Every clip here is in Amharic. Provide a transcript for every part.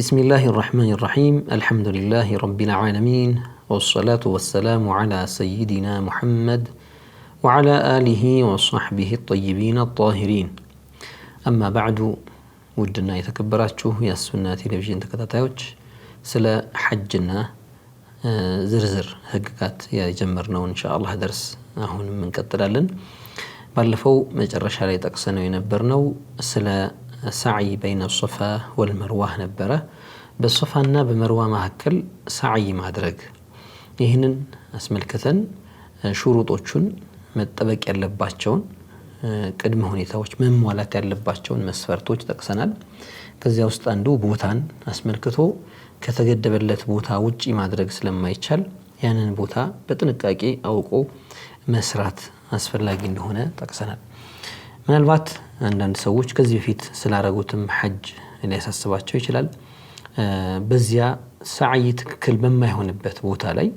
بسم الله الرحمن الرحيم الحمد لله رب العالمين والصلاة والسلام على سيدنا محمد وعلى آله وصحبه الطيبين الطاهرين أما بعد ودنا شوه يا السنة تلفزيون تكتاتيوش سلا حجنا زرزر يا جمرنا شاء الله درس እንሻአላህ من አሁንም እንቀጥላለን። ባለፈው مجرش علي ጠቅሰነው የነበርነው ስለ سعي بين الصفا والمروه ነበረ። በሶፋና በመርዋ መካከል ሳዕይ ማድረግ ይህንን አስመልክተን ሹሩጦቹን መጠበቅ ያለባቸውን ቅድመ ሁኔታዎች መሟላት ያለባቸውን መስፈርቶች ጠቅሰናል። ከዚያ ውስጥ አንዱ ቦታን አስመልክቶ ከተገደበለት ቦታ ውጪ ማድረግ ስለማይቻል ያንን ቦታ በጥንቃቄ አውቆ መስራት አስፈላጊ እንደሆነ ጠቅሰናል። ምናልባት አንዳንድ ሰዎች ከዚህ በፊት ስላረጉትም ሐጅ ሊያሳስባቸው ይችላል። በዚያ ሰዓይ ትክክል በማይሆንበት ቦታ ላይ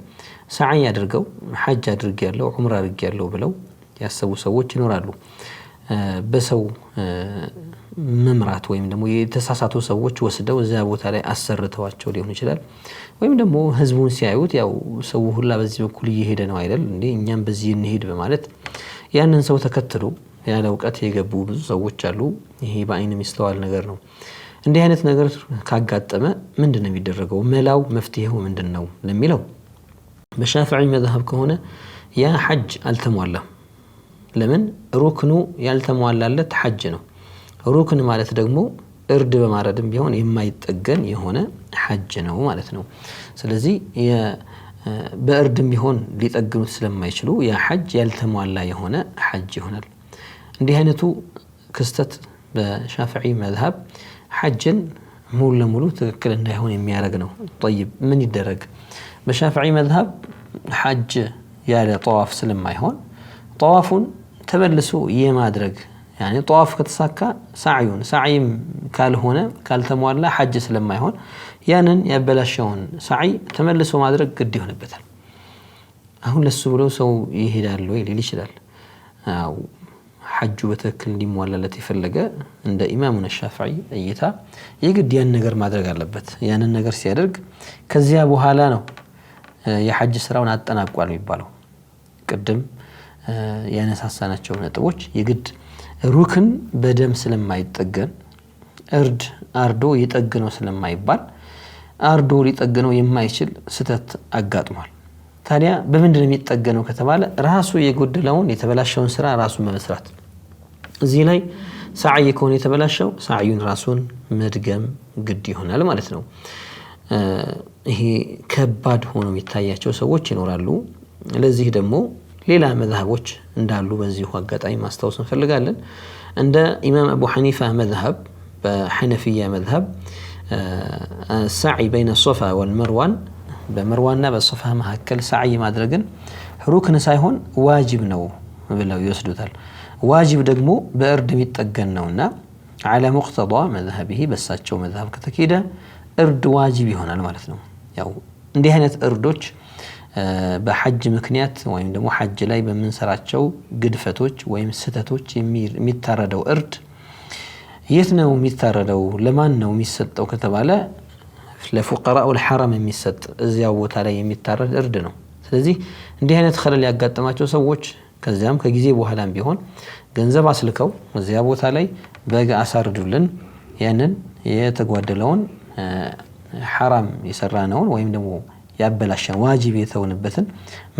ሰዓይ አድርገው ሐጅ አድርግ ያለው ዑምራ አድርግ ያለው ብለው ያሰቡ ሰዎች ይኖራሉ። በሰው መምራት ወይም ደግሞ የተሳሳቱ ሰዎች ወስደው እዚያ ቦታ ላይ አሰርተዋቸው ሊሆን ይችላል። ወይም ደግሞ ህዝቡን ሲያዩት ያው ሰው ሁላ በዚህ በኩል እየሄደ ነው አይደል እንዴ እኛም በዚህ እንሄድ በማለት ያንን ሰው ተከትሎ ያለ እውቀት የገቡ ብዙ ሰዎች አሉ። ይሄ በአይን የሚስተዋል ነገር ነው። እንዲህ አይነት ነገር ካጋጠመ ምንድን ነው የሚደረገው? መላው መፍትሄው ምንድን ነው ለሚለው በሻፍዒ መዝሀብ ከሆነ ያ ሐጅ አልተሟላም። ለምን? ሩክኑ ያልተሟላለት ሐጅ ነው። ሩክን ማለት ደግሞ እርድ በማረድም ቢሆን የማይጠገን የሆነ ሐጅ ነው ማለት ነው። ስለዚህ በእርድም ቢሆን ሊጠግኑት ስለማይችሉ ያ ሐጅ ያልተሟላ የሆነ ሐጅ ይሆናል። እንዲህ አይነቱ ክስተት በሻፍዒ መዝሀብ ሐጅን ሙሉ ለሙሉ ትክክል እንዳይሆን የሚያደርግ ነው። ጠይብ ምን ይደረግ? በሻፍዒ መዝሀብ ሐጅ ያለ ጠዋፍ ስለማይሆን ጠዋፉን ተመልሶ የማድረግ ያኔ ጠዋፍ ከተሳካ ሳዕዩን ሳዕይም ካልሆነ ካልተሟላ ሐጅ ስለማይሆን ያንን ያበላሸውን ሳዕይ ተመልሶ ማድረግ ግድ ይሆንበታል። አሁን ለሱ ብሎ ሰው ይሄዳል ወይ ሊል ይችላል። ሐጁ በትክክል እንዲሟላለት የፈለገ እንደ ኢማሙን ሻፍዒ እይታ የግድ ያን ነገር ማድረግ አለበት። ያንን ነገር ሲያደርግ ከዚያ በኋላ ነው የሐጅ ስራውን አጠናቋል የሚባለው። ቅድም ያነሳሳናቸው ነጥቦች የግድ ሩክን በደም ስለማይጠገን እርድ አርዶ ይጠግነው ስለማይባል አርዶ ሊጠግነው የማይችል ስህተት አጋጥሟል። ታዲያ በምንድን ነው የሚጠገነው ከተባለ ራሱ የጎደለውን የተበላሸውን ስራ ራሱን በመስራት እዚህ ላይ ሰዓይ ከሆነ የተበላሸው ሰዓዩን ራሱን መድገም ግድ ይሆናል ማለት ነው። ይሄ ከባድ ሆኖ የሚታያቸው ሰዎች ይኖራሉ። ለዚህ ደግሞ ሌላ መዝሀቦች እንዳሉ በዚሁ አጋጣሚ ማስታወስ እንፈልጋለን። እንደ ኢማም አቡ ሐኒፋ መዝሀብ በሐነፍያ መዝሀብ ሰዓይ በይነ ሶፋ ወልመርዋን በመርዋና በሶፋ መካከል ሰዓይ ማድረግን ሩክን ሳይሆን ዋጅብ ነው ብለው ይወስዱታል። ዋጅብ ደግሞ በእርድ የሚጠገን ነውና አለ ሙቅተዳ መዝሀቢሂ በሳቸው መዝሀብ ከተካሄደ እርድ ዋጅብ ይሆናል ማለት ነው። ያው እንዲህ አይነት እርዶች በሐጅ ምክንያት ወይም ደግሞ ሐጅ ላይ በምንሰራቸው ግድፈቶች ወይም ስህተቶች የሚታረደው እርድ የት ነው የሚታረደው? ለማን ነው የሚሰጠው ከተባለ ለፉቀራ ሐረም የሚሰጥ እዚያው ቦታ ላይ የሚታረድ እርድ ነው። ስለዚህ እንዲህ አይነት ከለል ያጋጠማቸው ሰዎች ከዚያም ከጊዜ በኋላም ቢሆን ገንዘብ አስልከው እዚያ ቦታ ላይ በግ አሳርዱልን፣ ያንን የተጓደለውን ሐራም የሰራነውን ወይም ደግሞ ያበላሸን ዋጅብ የተውንበትን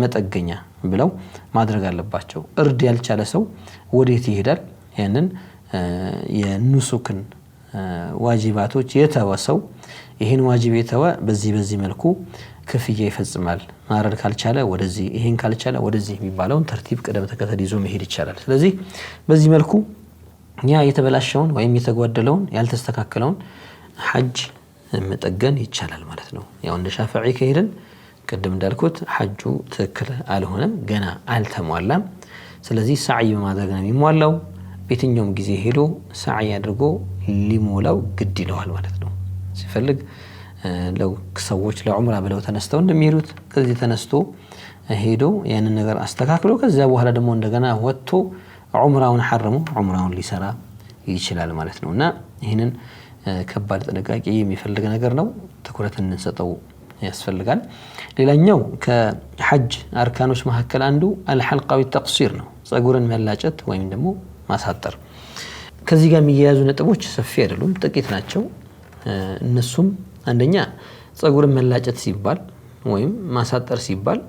መጠገኛ ብለው ማድረግ አለባቸው። እርድ ያልቻለ ሰው ወዴት ይሄዳል? ያንን የኑሱክን ዋጅባቶች የተወ ሰው ይህን ዋጅብ የተወ በዚህ በዚህ መልኩ ክፍያ ይፈጽማል። ማረድ ካልቻለ ወደዚህ፣ ይህን ካልቻለ ወደዚህ የሚባለውን ተርቲብ ቅደም ተከተል ይዞ መሄድ ይቻላል። ስለዚህ በዚህ መልኩ ያ የተበላሸውን ወይም የተጓደለውን ያልተስተካከለውን ሐጅ መጠገን ይቻላል ማለት ነው። ያው እንደ ሻፍዒ ከሄድን ቅድም እንዳልኩት ሐጁ ትክክል አልሆነም፣ ገና አልተሟላም። ስለዚህ ሳዕይ በማድረግ ነው የሚሟላው። በየትኛውም ጊዜ ሄዶ ሳዕይ አድርጎ ሊሞላው ግድ ይለዋል ማለት ነው። ሲፈልግ ሰዎች ለዑምራ ብለው ተነስተው እንደሚሄዱት ከዚህ ተነስቶ ሄዶ ያንን ነገር አስተካክሎ ከዚያ በኋላ ደግሞ እንደገና ወጥቶ ዑምራውን ሐረሙ ዑምራውን ሊሰራ ይችላል ማለት ነው። እና ይህንን ከባድ ጥንቃቄ የሚፈልግ ነገር ነው። ትኩረት እንሰጠው ያስፈልጋል። ሌላኛው ከሐጅ አርካኖች መካከል አንዱ አልሐልቃዊ ተቅሲር ነው። ጸጉርን መላጨት ወይም ደግሞ ማሳጠር ከዚህ ጋር የሚያያዙ ነጥቦች ሰፊ አይደሉም፣ ጥቂት ናቸው። እነሱም አንደኛ ጸጉርን መላጨት ሲባል ወይም ማሳጠር ሲባል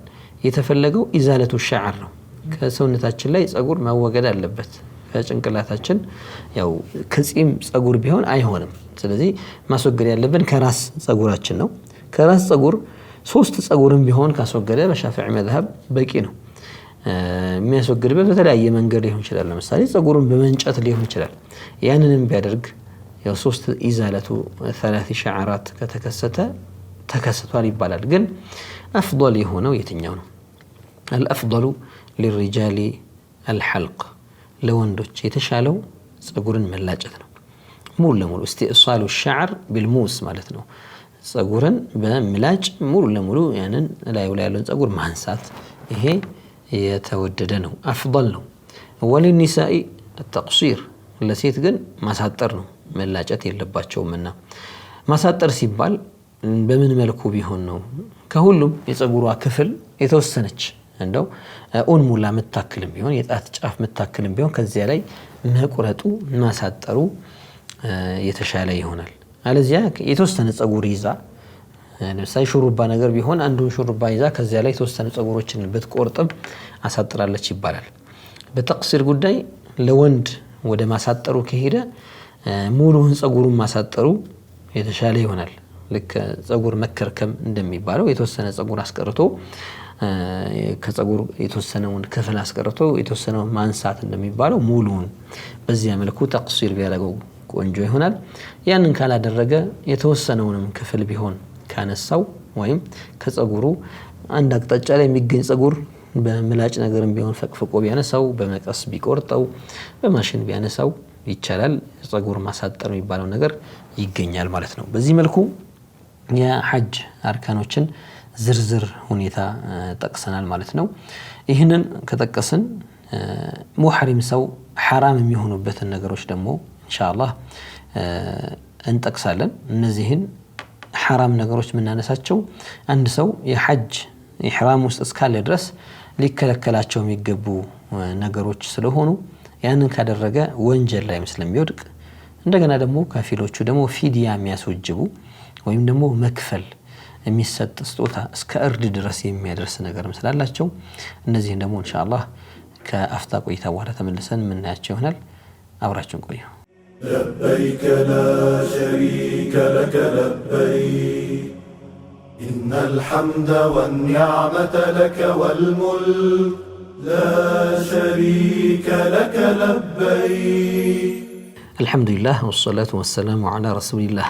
የተፈለገው ኢዛለቱ ሻዕር ነው። ከሰውነታችን ላይ ጸጉር መወገድ አለበት። ከጭንቅላታችን ያው ከጺም ጸጉር ቢሆን አይሆንም። ስለዚህ ማስወገድ ያለብን ከራስ ጸጉራችን ነው። ከራስ ጸጉር ሶስት ጸጉርን ቢሆን ካስወገደ በሻፊዕ መዝሀብ በቂ ነው። የሚያስወግድበት በተለያየ መንገድ ሊሆን ይችላል። ለምሳሌ ጸጉሩን በመንጨት ሊሆን ይችላል። ያንንም ቢያደርግ ያው ሶስት ኢዛለቱ ሰላት ሸዓራት ከተከሰተ ተከስቷል ይባላል። ግን አፍል የሆነው የትኛው ነው? አልአፍሉ ሊሪጃሊ አልሐልቅ ለወንዶች የተሻለው ጸጉርን መላጨት ነው። ሙሉ ለሙሉ እስቲእሷሉ ሸዓር ቢልሙስ ማለት ነው። ጸጉርን በምላጭ ሙሉ ለሙሉ ያንን ላዩ ላይ ያለውን ጸጉር ማንሳት ይሄ የተወደደ ነው፣ አፍል ነው። ወሊኒሳኢ ተቅሲር ለሴት ግን ማሳጠር ነው፣ መላጨት የለባቸውምና። ማሳጠር ሲባል በምን መልኩ ቢሆን ነው? ከሁሉም የፀጉሯ ክፍል የተወሰነች እንደው ኡን ሙላ ምታክልም ቢሆን የጣት ጫፍ ምታክልም ቢሆን ከዚያ ላይ መቁረጡ ማሳጠሩ የተሻለ ይሆናል። አለዚያ የተወሰነ ፀጉር ይዛ ለምሳሌ ሹሩባ ነገር ቢሆን አንዱን ሹሩባ ይዛ ከዚያ ላይ የተወሰኑ ጸጉሮችን ብትቆርጥም አሳጥራለች ይባላል። በተቅሲር ጉዳይ ለወንድ ወደ ማሳጠሩ ከሄደ ሙሉውን ጸጉሩን ማሳጠሩ የተሻለ ይሆናል። ልክ ጸጉር መከርከም እንደሚባለው የተወሰነ ጸጉር አስቀርቶ ከጸጉር የተወሰነውን ክፍል አስቀርቶ የተወሰነውን ማንሳት እንደሚባለው ሙሉውን በዚያ መልኩ ተቅሲር ቢያደርገው ቆንጆ ይሆናል። ያንን ካላደረገ የተወሰነውንም ክፍል ቢሆን ካነሳው ወይም ከጸጉሩ አንድ አቅጣጫ ላይ የሚገኝ ጸጉር በምላጭ ነገር ቢሆን ፈቅፍቆ ቢያነሳው፣ በመቀስ ቢቆርጠው፣ በማሽን ቢያነሳው ይቻላል። ጸጉር ማሳጠር የሚባለው ነገር ይገኛል ማለት ነው። በዚህ መልኩ የሐጅ አርካኖችን ዝርዝር ሁኔታ ጠቅሰናል ማለት ነው። ይህንን ከጠቀስን ሙሐሪም ሰው ሐራም የሚሆኑበትን ነገሮች ደግሞ አላህ እንጠቅሳለን እነዚህን ሐራም ነገሮች የምናነሳቸው አንድ ሰው የሐጅ ኢሕራም ውስጥ እስካለ ድረስ ሊከለከላቸው የሚገቡ ነገሮች ስለሆኑ ያንን ካደረገ ወንጀል ላይም ስለሚወድቅ እንደገና ደግሞ ከፊሎቹ ደግሞ ፊዲያ የሚያስወጅቡ ወይም ደግሞ መክፈል የሚሰጥ ስጦታ እስከ እርድ ድረስ የሚያደርስ ነገርም ስላላቸው እነዚህን ደግሞ እንሻ አላህ ከአፍታ ቆይታ በኋላ ተመልሰን የምናያቸው ይሆናል። አብራችን ቆዩ። لبيك لا شريك لك لبيك إن الحمد والنعمة لك والملك لا شريك لك لبيك الحمد لله والصلاة والسلام على رسول الله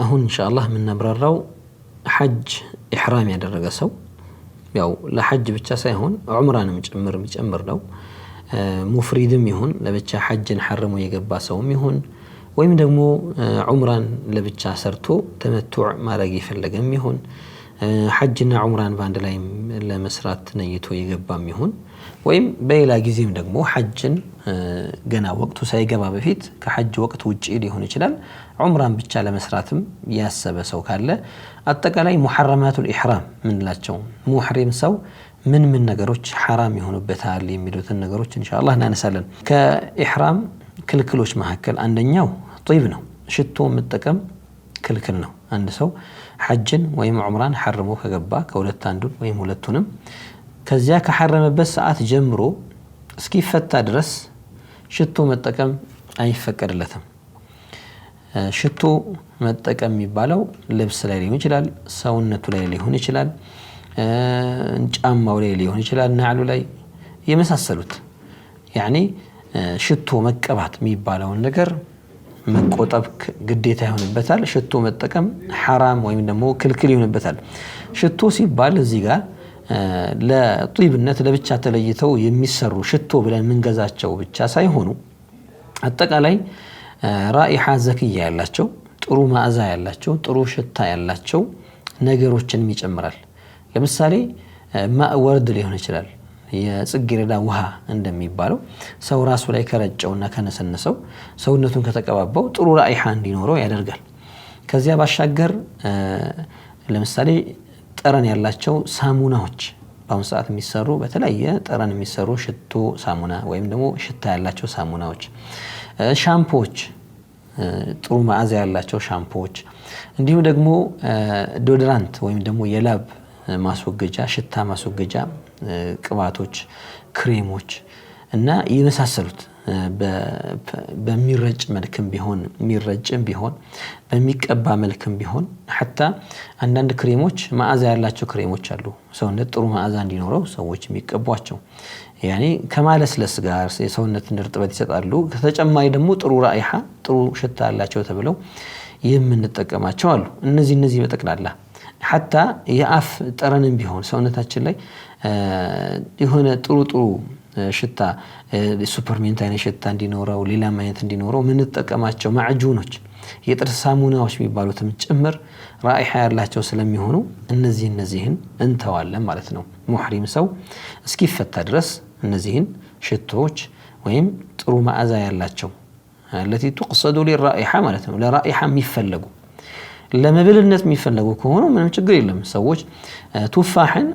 أهون إن شاء الله من نبر الرو حج إحرامي على درجة سو لحج لا حج بتشا سيهون عمران مجمر لو ሙፍሪድም ይሁን ለብቻ ሐጅን ሐርሞ የገባ ሰውም ይሁን ወይም ደግሞ ዑምራን ለብቻ ሰርቶ ተመቱዕ ማድረግ የፈለገም ይሁን ሐጅና ዑምራን በአንድ ላይ ለመስራት ነይቶ የገባም ይሁን ወይም በሌላ ጊዜም ደግሞ ሐጅን ገና ወቅቱ ሳይገባ በፊት ከሐጅ ወቅት ውጭ ሊሆን ይችላል ዑምራን ብቻ ለመስራትም ያሰበ ሰው ካለ አጠቃላይ ሙሐረማቱል ኢሕራም ምንላቸው ሙሕሪም ሰው ምን ምን ነገሮች ሐራም ይሆኑበታል የሚሉትን ነገሮች ኢንሻአላህ እናነሳለን። ከኢሕራም ክልክሎች መካከል አንደኛው ጢብ ነው። ሽቶ መጠቀም ክልክል ነው። አንድ ሰው ሐጅን ወይም ዑምራን ሐርሞ ከገባ ከሁለት አንዱን ወይም ሁለቱንም ከዚያ ከሐረመበት ሰዓት ጀምሮ እስኪፈታ ድረስ ሽቶ መጠቀም አይፈቀድለትም። ሽቶ መጠቀም የሚባለው ልብስ ላይ ሊሆን ይችላል፣ ሰውነቱ ላይ ሊሆን ይችላል ጫማው ላይ ሊሆን ይችላል፣ ናሉ ላይ የመሳሰሉት ያኒ ሽቶ መቀባት የሚባለውን ነገር መቆጠብ ግዴታ ይሆንበታል። ሽቶ መጠቀም ሐራም ወይም ደግሞ ክልክል ይሆንበታል። ሽቶ ሲባል እዚህ ጋር ለጢብነት ለብቻ ተለይተው የሚሰሩ ሽቶ ብለን የምንገዛቸው ብቻ ሳይሆኑ አጠቃላይ ራኢሓ ዘክያ ያላቸው ጥሩ መዓዛ ያላቸው ጥሩ ሽታ ያላቸው ነገሮችንም ይጨምራል። ለምሳሌ ማእወርድ ሊሆን ይችላል። የጽጌረዳ ውሃ እንደሚባለው ሰው ራሱ ላይ ከረጨውና ከነሰነሰው ሰውነቱን ከተቀባባው ጥሩ ራይሓ እንዲኖረው ያደርጋል። ከዚያ ባሻገር ለምሳሌ ጠረን ያላቸው ሳሙናዎች በአሁኑ ሰዓት የሚሰሩ በተለያየ ጠረን የሚሰሩ ሽቶ ሳሙና ወይም ደግሞ ሽታ ያላቸው ሳሙናዎች፣ ሻምፖዎች፣ ጥሩ መዓዛ ያላቸው ሻምፖዎች እንዲሁም ደግሞ ዶድራንት ወይም ደግሞ የላብ ማስወገጃ፣ ሽታ ማስወገጃ ቅባቶች፣ ክሬሞች እና የመሳሰሉት በሚረጭ መልክም ቢሆን የሚረጭም ቢሆን በሚቀባ መልክም ቢሆን ሐታ አንዳንድ ክሬሞች መዓዛ ያላቸው ክሬሞች አሉ። ሰውነት ጥሩ መዓዛ እንዲኖረው ሰዎች የሚቀቧቸው ያኔ ከማለስለስ ጋር የሰውነትን እርጥበት ይሰጣሉ። ከተጨማሪ ደግሞ ጥሩ ራይሓ ጥሩ ሽታ ያላቸው ተብለው የምንጠቀማቸው አሉ። እነዚህ እነዚህ በጠቅላላ ሐታ የአፍ ጠረንም ቢሆን ሰውነታችን ላይ የሆነ ጥሩ ጥሩ ሽታ ሱፐርሜንት አይነት ሽታ እንዲኖረው ሌላም አይነት እንዲኖረው የምንጠቀማቸው ማዕጁኖች የጥርስ ሳሙናዎች የሚባሉትም ጭምር ራኢሓ ያላቸው ስለሚሆኑ እነዚህ እነዚህን እንተዋለን ማለት ነው። ሙሕሪም ሰው እስኪፈታ ድረስ እነዚህን ሽቶዎች ወይም ጥሩ መዓዛ ያላቸው ለቲ ቱቅሰዱ ሊራኢሓ ማለት ነው ለራኢሓ የሚፈለጉ ለመብልነት የሚፈለጉ ከሆኑ ምንም ችግር የለም። ሰዎች ቱፋሕን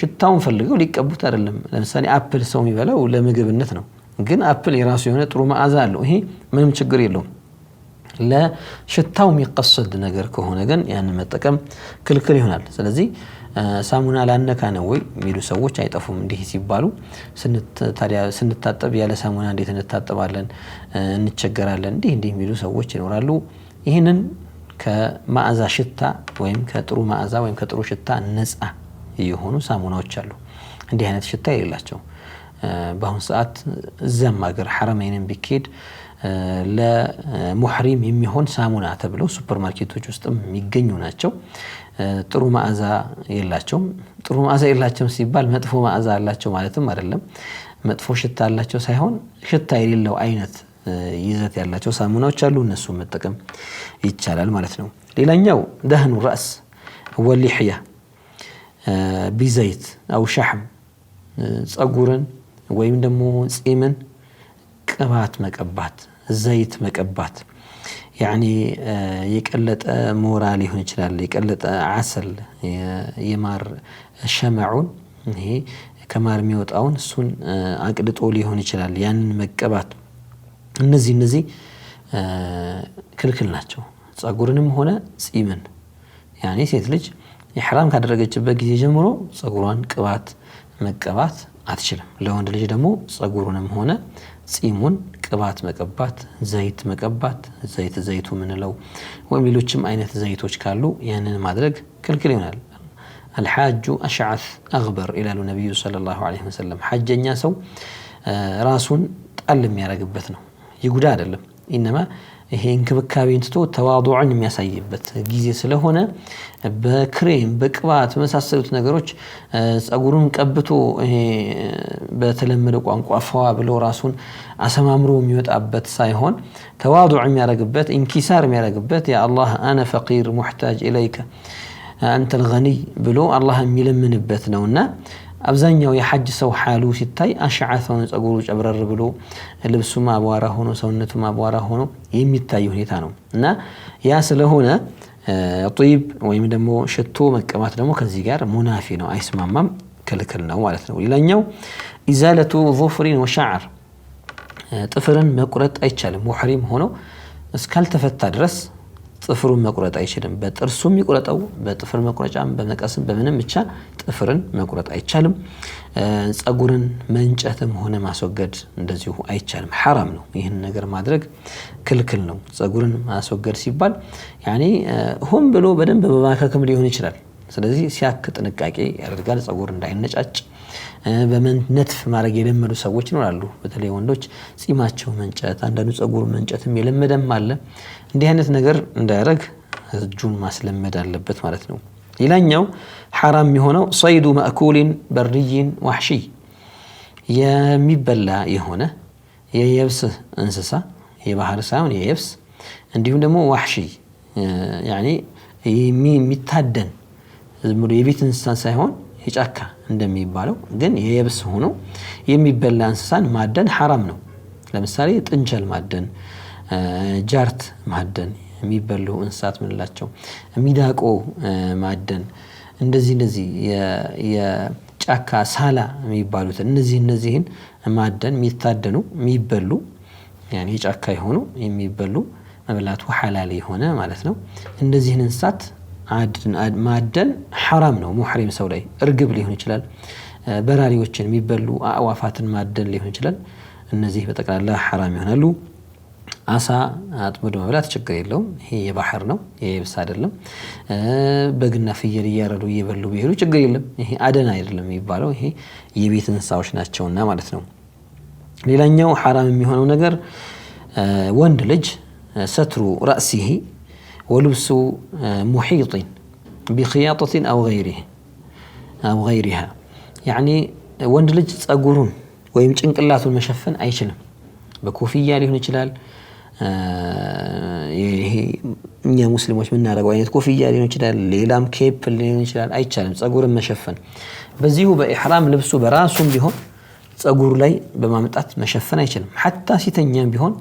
ሽታውን ፈልገው ሊቀቡት አይደለም። ለምሳሌ አፕል ሰው የሚበላው ለምግብነት ነው። ግን አፕል የራሱ የሆነ ጥሩ መዓዛ አለው። ይሄ ምንም ችግር የለውም። ለሽታው የሚቀሰድ ነገር ከሆነ ግን ያንን መጠቀም ክልክል ይሆናል። ስለዚህ ሳሙና ላነካ ነው ወይ የሚሉ ሰዎች አይጠፉም። እንዲህ ሲባሉ ስንታጠብ ያለ ሳሙና እንዴት እንታጠባለን? እንቸገራለን። እንዲህ እንዲህ የሚሉ ሰዎች ይኖራሉ። ይህንን ከመዓዛ ሽታ ወይም ከጥሩ መዓዛ ወይም ከጥሩ ሽታ ነፃ የሆኑ ሳሙናዎች አሉ። እንዲህ አይነት ሽታ የሌላቸው በአሁኑ ሰዓት እዚያም ሀገር ሐረመይንን ቢኬድ ለሙሕሪም የሚሆን ሳሙና ተብለው ሱፐር ማርኬቶች ውስጥ የሚገኙ ናቸው። ጥሩ መዓዛ የላቸውም። ጥሩ መዓዛ የላቸውም ሲባል መጥፎ መዓዛ አላቸው ማለትም አይደለም። መጥፎ ሽታ አላቸው ሳይሆን ሽታ የሌለው አይነት ይዘት ያላቸው ሳሙናዎች አሉ። እነሱ መጠቀም ይቻላል ማለት ነው። ሌላኛው ደህኑ ራስ ወሊሕያ ቢዘይት አው ሻሕም ጸጉርን ወይም ደግሞ ፂምን ቅባት መቀባት፣ ዘይት መቀባት ያኒ የቀለጠ ሞራ ሊሆን ይችላል። የቀለጠ አሰል የማር ሸመዑን ይሄ ከማር የሚወጣውን እሱን አቅልጦ ሊሆን ይችላል። ያንን መቀባት እነዚህ እነዚህ ክልክል ናቸው። ጸጉርንም ሆነ ጺምን ያኔ ሴት ልጅ የሕራም ካደረገችበት ጊዜ ጀምሮ ጸጉሯን ቅባት መቀባት አትችልም። ለወንድ ልጅ ደግሞ ጸጉሩንም ሆነ ጺሙን ቅባት መቀባት፣ ዘይት መቀባት፣ ዘይት ዘይቱ ምንለው ወይም ሌሎችም አይነት ዘይቶች ካሉ ያንን ማድረግ ክልክል ይሆናል። አልሓጁ አሽዓት አክበር ይላሉ ነቢዩ ሰለላሁ ዐለይሂ ወሰለም። ሐጀኛ ሰው ራሱን ጣል የሚያደርግበት ነው። ይጉዳ አይደለም። ኢነማ ይሄ እንክብካቤን ትቶ ተዋዱዕን የሚያሳይበት ጊዜ ስለሆነ በክሬም በቅባት በመሳሰሉት ነገሮች ጸጉሩን ቀብቶ ይሄ በተለመደ ቋንቋ ፈዋ ብሎ ራሱን አሰማምሮ የሚወጣበት ሳይሆን ተዋዱዕ የሚያደርግበት ኢንኪሳር የሚያደርግበት የአላህ አነ ፈቂር ሙሕታጅ ኢለይከ አንተ ልገኒይ ብሎ አላህ የሚለምንበት ነውና አብዛኛው የሐጅ ሰው ሓሉ ሲታይ አሽዓት ሆኖ ጸጉሩ ጨብረር ብሎ ልብሱም አቧራ ሆኖ ሰውነቱም አቧራ ሆኖ የሚታይ ሁኔታ ነው እና ያ ስለሆነ ጡይብ ወይም ደግሞ ሽቶ መቀባት ደግሞ ከዚህ ጋር ሙናፊ ነው፣ አይስማማም፣ ክልክል ነው ማለት ነው። ሌላኛው ኢዛለቱ ዙፍሪን ወሻዕር ጥፍርን መቁረጥ አይቻልም። ሙሕሪም ሆኖ እስካልተፈታ ድረስ ጥፍሩን መቁረጥ አይችልም። በጥርሱ የሚቁረጠው በጥፍር መቁረጫም፣ በመቀስም በምንም ብቻ ጥፍርን መቁረጥ አይቻልም። ጸጉርን መንጨትም ሆነ ማስወገድ እንደዚሁ አይቻልም፣ ሐራም ነው። ይህን ነገር ማድረግ ክልክል ነው። ጸጉርን ማስወገድ ሲባል ያኔ ሆን ብሎ በደንብ በማካከም ሊሆን ይችላል። ስለዚህ ሲያክ ጥንቃቄ ያደርጋል፣ ጸጉር እንዳይነጫጭ በመነትፍ ማድረግ የለመዱ ሰዎች ይኖራሉ። በተለይ ወንዶች ጺማቸው መንጨት፣ አንዳንዱ ጸጉር መንጨትም የለመደም አለ። እንዲህ አይነት ነገር እንዳያደረግ እጁን ማስለመድ አለበት ማለት ነው። ሌላኛው ሐራም የሆነው ሰይዱ ማእኩሊን በርይን ዋሕሺይ የሚበላ የሆነ የየብስ እንስሳ የባህር ሳይሆን የየብስ እንዲሁም ደግሞ ዋሽይ የሚታደን የቤት እንስሳ ሳይሆን የጫካ እንደሚባለው ግን የየብስ ሆኖ የሚበላ እንስሳን ማደን ሐራም ነው። ለምሳሌ ጥንቸል ማደን ጃርት ማደን የሚበሉ እንስሳት ምንላቸው ሚዳቆ ማደን እንደዚህ እንደዚህ የጫካ ሳላ የሚባሉትን እነዚህ እነዚህን ማደን የሚታደኑ የሚበሉ የጫካ የሆኑ የሚበሉ መብላቱ ሓላል የሆነ ማለት ነው። እንደዚህን እንስሳት ማደን ሐራም ነው ሙሕሪም ሰው ላይ እርግብ ሊሆን ይችላል። በራሪዎችን የሚበሉ አእዋፋትን ማደን ሊሆን ይችላል። እነዚህ በጠቅላላ ሐራም ይሆናሉ። አሳ አጥምዶ መብላት ችግር የለውም። ይሄ የባህር ነው፣ የየብስ አይደለም። በግና ፍየል እያረዱ እየበሉ ቢሄዱ ችግር የለም። ይሄ አደን አይደለም የሚባለው፣ ይሄ የቤት እንስሳዎች ናቸውና ማለት ነው። ሌላኛው ሐራም የሚሆነው ነገር ወንድ ልጅ ሰትሩ ራእሲሂ ወልብሱ ሙሒጢን ቢክያጠቲን አው ገይሪሃ ያኒ ወንድ ልጅ ጸጉሩን ወይም ጭንቅላቱን መሸፈን አይችልም። በኮፍያ ሊሆን ይችላል ይሄ እኛ ሙስሊሞች የምናደርገው አይነት ኮፍያ ሊሆን ይችላል፣ ሌላም ኬፕ ሊሆን ይችላል። አይቻልም፣ ጸጉርን መሸፈን በዚሁ በኢሕራም ልብሱ በራሱም ቢሆን ጸጉር ላይ በማምጣት መሸፈን አይችልም። ሐታ ሲተኛም ቢሆን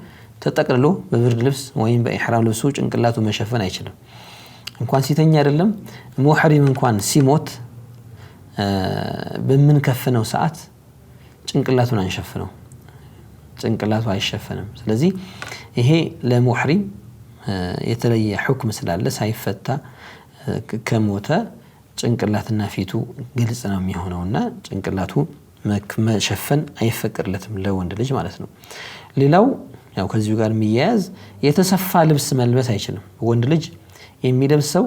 ተጠቅልሎ በብርድ ልብስ ወይም በኢሕራም ልብሱ ጭንቅላቱ መሸፈን አይችልም። እንኳን ሲተኛ አይደለም ሙሕሪም እንኳን ሲሞት በምንከፍነው ሰዓት ጭንቅላቱን አንሸፍነው። ጭንቅላቱ አይሸፈንም። ስለዚህ ይሄ ለሙሕሪም የተለየ ሑክም ስላለ ሳይፈታ ከሞተ ጭንቅላትና ፊቱ ግልጽ ነው የሚሆነውና ጭንቅላቱ መሸፈን አይፈቅድለትም ለወንድ ልጅ ማለት ነው። ሌላው ያው ከዚሁ ጋር የሚያያዝ የተሰፋ ልብስ መልበስ አይችልም። ወንድ ልጅ የሚለብሰው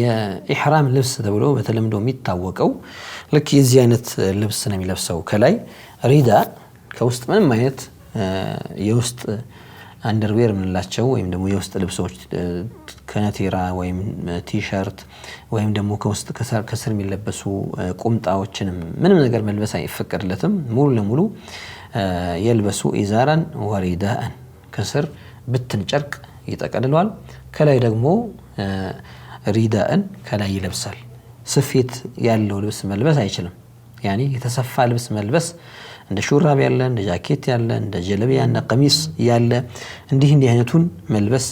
የኢሕራም ልብስ ተብሎ በተለምዶ የሚታወቀው ልክ የዚህ አይነት ልብስ ነው የሚለብሰው ከላይ ሪዳ ከውስጥ ምንም አይነት የውስጥ አንደርዌር የምንላቸው ወይም ደግሞ የውስጥ ልብሶች ከነቴራ ወይም ቲሸርት ወይም ደግሞ ከውስጥ ከስር የሚለበሱ ቁምጣዎችንም ምንም ነገር መልበስ አይፈቀድለትም። ሙሉ ለሙሉ የልበሱ ኢዛራን ወሪዳአን ከስር ብትን ጨርቅ ይጠቀልለዋል። ከላይ ደግሞ ሪዳአን ከላይ ይለብሳል። ስፌት ያለው ልብስ መልበስ አይችልም። ያኔ የተሰፋ ልብስ መልበስ እንደ ሹራብ ያለ እንደ ጃኬት ያለ እንደ ጀለቢያ እንደ ቀሚስ ያለ እንዲህ እንዲህ አይነቱን መልበስ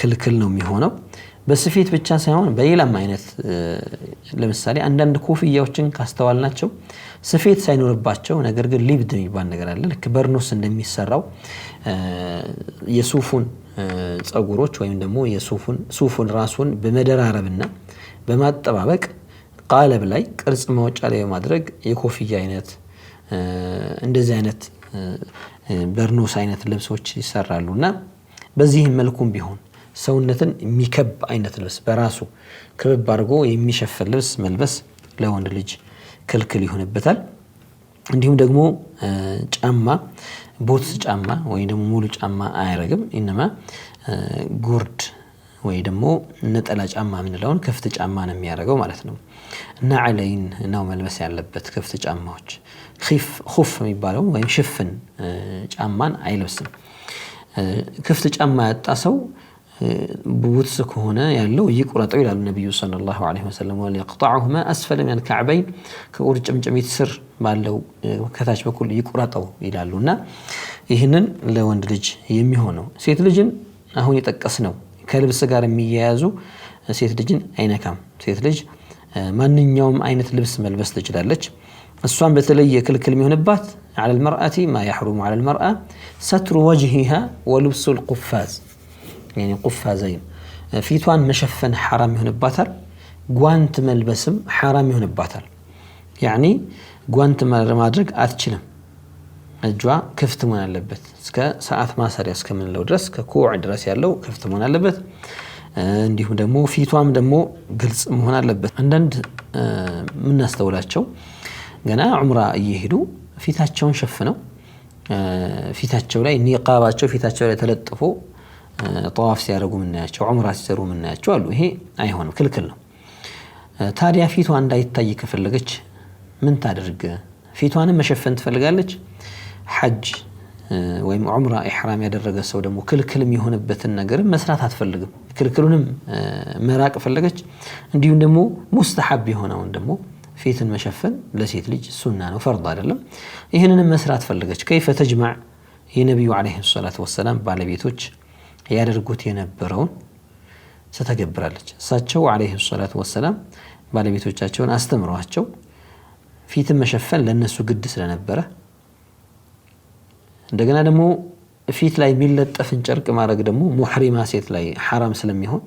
ክልክል ነው የሚሆነው። በስፌት ብቻ ሳይሆን በሌላም አይነት ለምሳሌ አንዳንድ ኮፍያዎችን ካስተዋልናቸው ስፌት ሳይኖርባቸው ነገር ግን ሊብድ የሚባል ነገር አለ። ልክ በርኖስ እንደሚሰራው የሱፉን ጸጉሮች ወይም ደግሞ ሱፉን ራሱን በመደራረብና በማጠባበቅ ቃለብ ላይ ቅርጽ ማውጫ ላይ በማድረግ የኮፍያ አይነት እንደዚህ አይነት በርኖስ አይነት ልብሶች ይሰራሉ እና በዚህ መልኩም ቢሆን ሰውነትን የሚከብ አይነት ልብስ በራሱ ክብብ አድርጎ የሚሸፍን ልብስ መልበስ ለወንድ ልጅ ክልክል ይሆንበታል። እንዲሁም ደግሞ ጫማ ቦትስ ጫማ ወይ ደግሞ ሙሉ ጫማ አያረግም። ኢነማ ጎርድ ወይ ደግሞ ነጠላ ጫማ የምንለውን ክፍት ጫማ ነው የሚያደርገው ማለት ነው። እና ነው መልበስ ያለበት ክፍት ጫማዎች ኹፍ የሚባለው ወይም ሽፍን ጫማን አይለብስም። ክፍት ጫማ ያጣ ሰው ቡትስ ከሆነ ያለው ይቁረጠው ይላሉ ነቢዩ ሰለላሁ ዐለይሂ ወሰለም። ወሊየቅጠዑሁማ አስፈለ ሚነል ከዕበይን ከቁርጭምጭሚት ስር ባለው ከታች በኩል ይቁረጠው ይላሉ እና ይህንን ለወንድ ልጅ የሚሆነው ሴት ልጅን አሁን የጠቀስ ነው ከልብስ ጋር የሚያያዙ ሴት ልጅን አይነካም። ሴት ልጅ ማንኛውም አይነት ልብስ መልበስ ትችላለች። እሷን በተለየ ክልክል የሚሆንባት አለል መርአቲ ማ ያሕሩሙ አለል መርአ ሰትሩ ወጅሂሃ ወልብሱል ቁፋዝ ቁፋዘይን ፊቷን መሸፈን ሓራም ይሆንባታል። ጓንት መልበስም ሓራም ይሆንባታል። ያኒ ጓንት ማድረግ አትችልም። እጇ ክፍት መሆን አለበት። እስከ ሰዓት ማሰሪያ እስከምንለው ድረስ ከኩዕ ድረስ ያለው ክፍት መሆን አለበት። እንዲሁም ደግሞ ፊቷም ደግሞ ግልጽ መሆን አለበት። አንዳንድ የምናስተውላቸው ገና ዑምራ እየሄዱ ፊታቸውን ሸፍነው ፊታቸው ላይ ኒቃባቸው ፊታቸው ላይ ተለጥፎ ጠዋፍ ሲያደርጉ ምናያቸው፣ ዑምራ ሲሰሩ ምናያቸው አሉ። ይሄ አይሆንም፣ ክልክል ነው። ታዲያ ፊቷ እንዳይታይ ከፈለገች ምን ታደርግ? ፊቷንም መሸፈን ትፈልጋለች። ሐጅ ወይም ዑምራ ኢሕራም ያደረገ ሰው ደግሞ ክልክል የሆነበትን ነገርም መስራት አትፈልግም፣ ክልክሉንም መራቅ ፈለገች። እንዲሁም ደግሞ ሙስተሐብ የሆነውን ደግሞ ፊትን መሸፈን ለሴት ልጅ ሱና ነው፣ ፈርድ አይደለም። ይህንንም መስራት ፈለገች። ከይፈ ተጅማዕ የነቢዩ ዓለይሂ ሰላቱ ወሰላም ባለቤቶች ያደርጉት የነበረውን ስተገብራለች። እሳቸው ዓለይሂ ሰላቱ ወሰላም ባለቤቶቻቸውን አስተምረዋቸው ፊትን መሸፈን ለእነሱ ግድ ስለነበረ እንደገና ደግሞ ፊት ላይ የሚለጠፍን ጨርቅ ማድረግ ደግሞ ሙሕሪማ ሴት ላይ ሓራም ስለሚሆን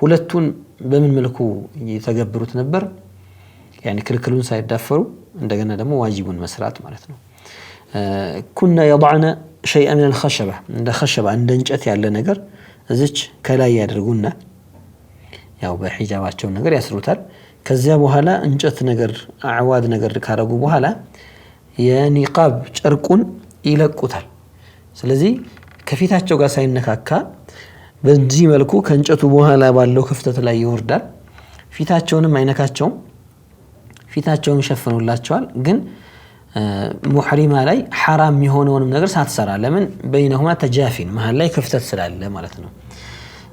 ሁለቱን በምን መልኩ የተገብሩት ነበር? ያኔ ክልክሉን ሳይዳፈሩ እንደገና ደግሞ ዋጅቡን መስራት ማለት ነው። ኩና የضዕነ ሸይአ ሚነል ኸሸባ እንደ ኸሸባ እንደ እንጨት ያለ ነገር እዚች ከላይ ያደርጉና ያው በሒጃባቸው ነገር ያስሩታል። ከዚያ በኋላ እንጨት ነገር አዕዋድ ነገር ካረጉ በኋላ የኒቃብ ጨርቁን ይለቁታል። ስለዚህ ከፊታቸው ጋር ሳይነካካ በዚህ መልኩ ከእንጨቱ በኋላ ባለው ክፍተት ላይ ይወርዳል። ፊታቸውንም አይነካቸውም። ፊታቸውን ሸፍኑላቸዋል ግን ሙሕሪማ ላይ ሓራም የሆነውንም ነገር ሳትሰራ ለምን በይነሁማ ተጃፊን መሀል ላይ ክፍተት ስላለ ማለት ነው።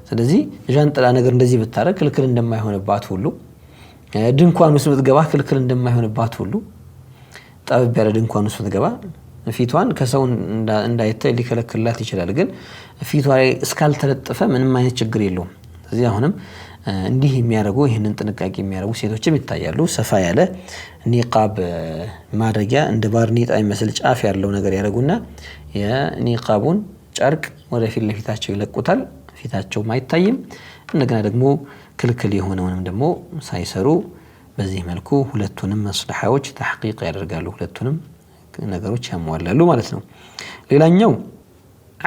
ስለዚህ ዣንጥላ ነገር እንደዚህ ብታደረግ ክልክል እንደማይሆንባት ሁሉ ድንኳን ውስጥ ብትገባ ክልክል እንደማይሆንባት ሁሉ ጠበብ ያለ ድንኳን ውስጥ ብትገባ ፊቷን ከሰው እንዳይታይ ሊከለክልላት ይችላል። ግን ፊቷ ላይ እስካልተለጠፈ ምንም አይነት ችግር የለውም። ስለዚህ አሁንም እንዲህ የሚያደርጉ ይህንን ጥንቃቄ የሚያደርጉ ሴቶችም ይታያሉ። ሰፋ ያለ ኒቃብ ማድረጊያ እንደ ባርኔጣ የሚመስል ጫፍ ያለው ነገር ያደርጉና የኒቃቡን ጨርቅ ወደፊት ለፊታቸው ይለቁታል። ፊታቸውም አይታይም። እንደገና ደግሞ ክልክል የሆነውንም ደግሞ ሳይሰሩ በዚህ መልኩ ሁለቱንም መስለሓዎች ተቂቅ ያደርጋሉ። ሁለቱንም ነገሮች ያሟላሉ ማለት ነው። ሌላኛው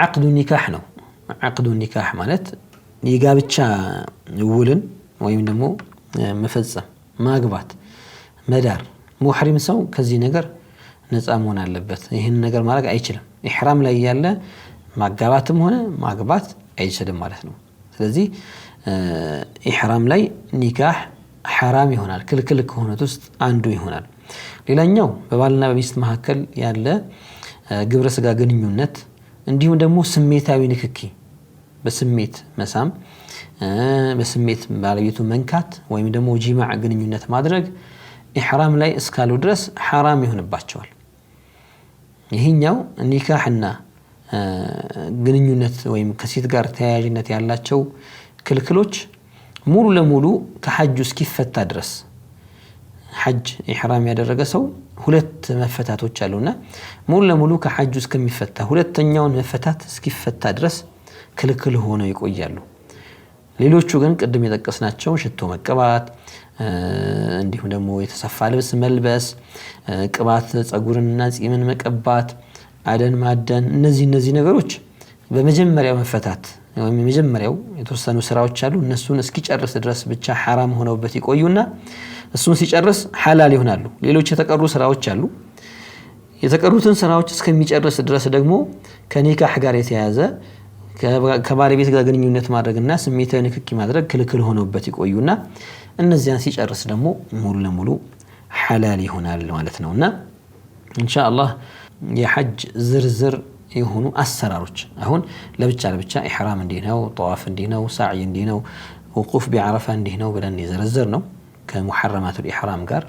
ዓቅዱ ኒካህ ነው። ዓቅዱ ኒካህ ማለት የጋብቻ ውልን ወይም ደግሞ መፈጸም ማግባት መዳር ሙሕሪም ሰው ከዚህ ነገር ነፃ መሆን አለበት። ይህን ነገር ማድረግ አይችልም። ኢሕራም ላይ ያለ ማጋባትም ሆነ ማግባት አይችልም ማለት ነው። ስለዚህ ኢሕራም ላይ ኒካህ ሐራም ይሆናል፣ ክልክል ከሆኑት ውስጥ አንዱ ይሆናል። ሌላኛው በባልና በሚስት መካከል ያለ ግብረ ስጋ ግንኙነት እንዲሁም ደግሞ ስሜታዊ ንክኪ በስሜት መሳም፣ በስሜት ባለቤቱ መንካት ወይም ደግሞ ጂማዕ ግንኙነት ማድረግ ኢሕራም ላይ እስካሉ ድረስ ሓራም ይሆንባቸዋል። ይህኛው ኒካሕና ግንኙነት ወይም ከሴት ጋር ተያያዥነት ያላቸው ክልክሎች ሙሉ ለሙሉ ከሐጁ እስኪፈታ ድረስ ሐጅ ኢሕራም ያደረገ ሰው ሁለት መፈታቶች አሉና ሙሉ ለሙሉ ከሐጁ እስከሚፈታ ሁለተኛውን መፈታት እስኪፈታ ድረስ ክልክል ሆነው ይቆያሉ። ሌሎቹ ግን ቅድም የጠቀስናቸው ሽቶ መቀባት፣ እንዲሁም ደግሞ የተሰፋ ልብስ መልበስ፣ ቅባት፣ ጸጉርንና ጺምን መቀባት፣ አደን ማደን፣ እነዚህ እነዚህ ነገሮች በመጀመሪያው መፈታት ወይም የመጀመሪያው የተወሰኑ ስራዎች አሉ። እነሱን እስኪጨርስ ድረስ ብቻ ሐራም ሆነውበት ይቆዩና እሱን ሲጨርስ ሐላል ይሆናሉ። ሌሎች የተቀሩ ስራዎች አሉ። የተቀሩትን ስራዎች እስከሚጨርስ ድረስ ደግሞ ከኒካህ ጋር የተያያዘ ከባለቤት ጋር ግንኙነት ማድረግና ስሜታዊ ንክኪ ማድረግ ክልክል ሆኖበት ይቆዩና እነዚያን ሲጨርስ ደግሞ ሙሉ ለሙሉ ሐላል ይሆናል ማለት ነው እና ኢንሻአላህ የሐጅ ዝርዝር የሆኑ አሰራሮች አሁን ለብቻ ለብቻ ኢሕራም እንዲህ ነው፣ ጠዋፍ እንዲህ ነው፣ ሳዕይ እንዲህ ነው፣ ውቁፍ ቢዓረፋ እንዲህ ነው ብለን የዘረዘር ነው ከሙሐረማቱል ኢሕራም ጋር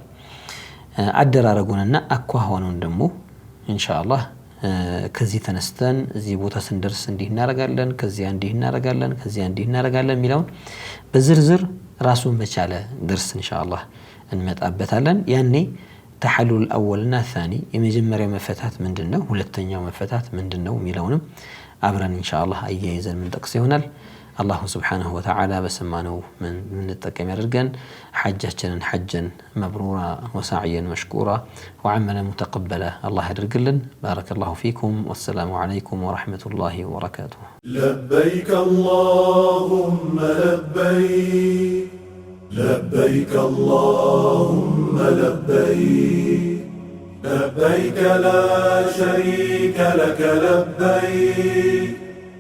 አደራረጉንና አኳኋኑን ደግሞ ኢንሻአላህ ከዚህ ተነስተን እዚህ ቦታ ስንደርስ እንዲህ እናደርጋለን፣ ከዚያ እንዲህ እናደርጋለን፣ ከዚያ እንዲህ እናደርጋለን የሚለውን በዝርዝር ራሱን በቻለ ደርስ ኢንሻአላህ እንመጣበታለን። ያኔ ተሐሉል አወልና ታኒ የመጀመሪያው መፈታት ምንድን ነው፣ ሁለተኛው መፈታት ምንድን ነው የሚለውንም አብረን ኢንሻአላህ አያይዘን ምንጠቅስ ይሆናል። الله سبحانه وتعالى بسمانه من من التكامل رجن حجة حجا مبرورا وسعيا مشكورا وعملا متقبلا الله رجلن بارك الله فيكم والسلام عليكم ورحمة الله وبركاته لبيك اللهم لبيك لبيك اللهم لبيك لبيك لا شريك لك لبيك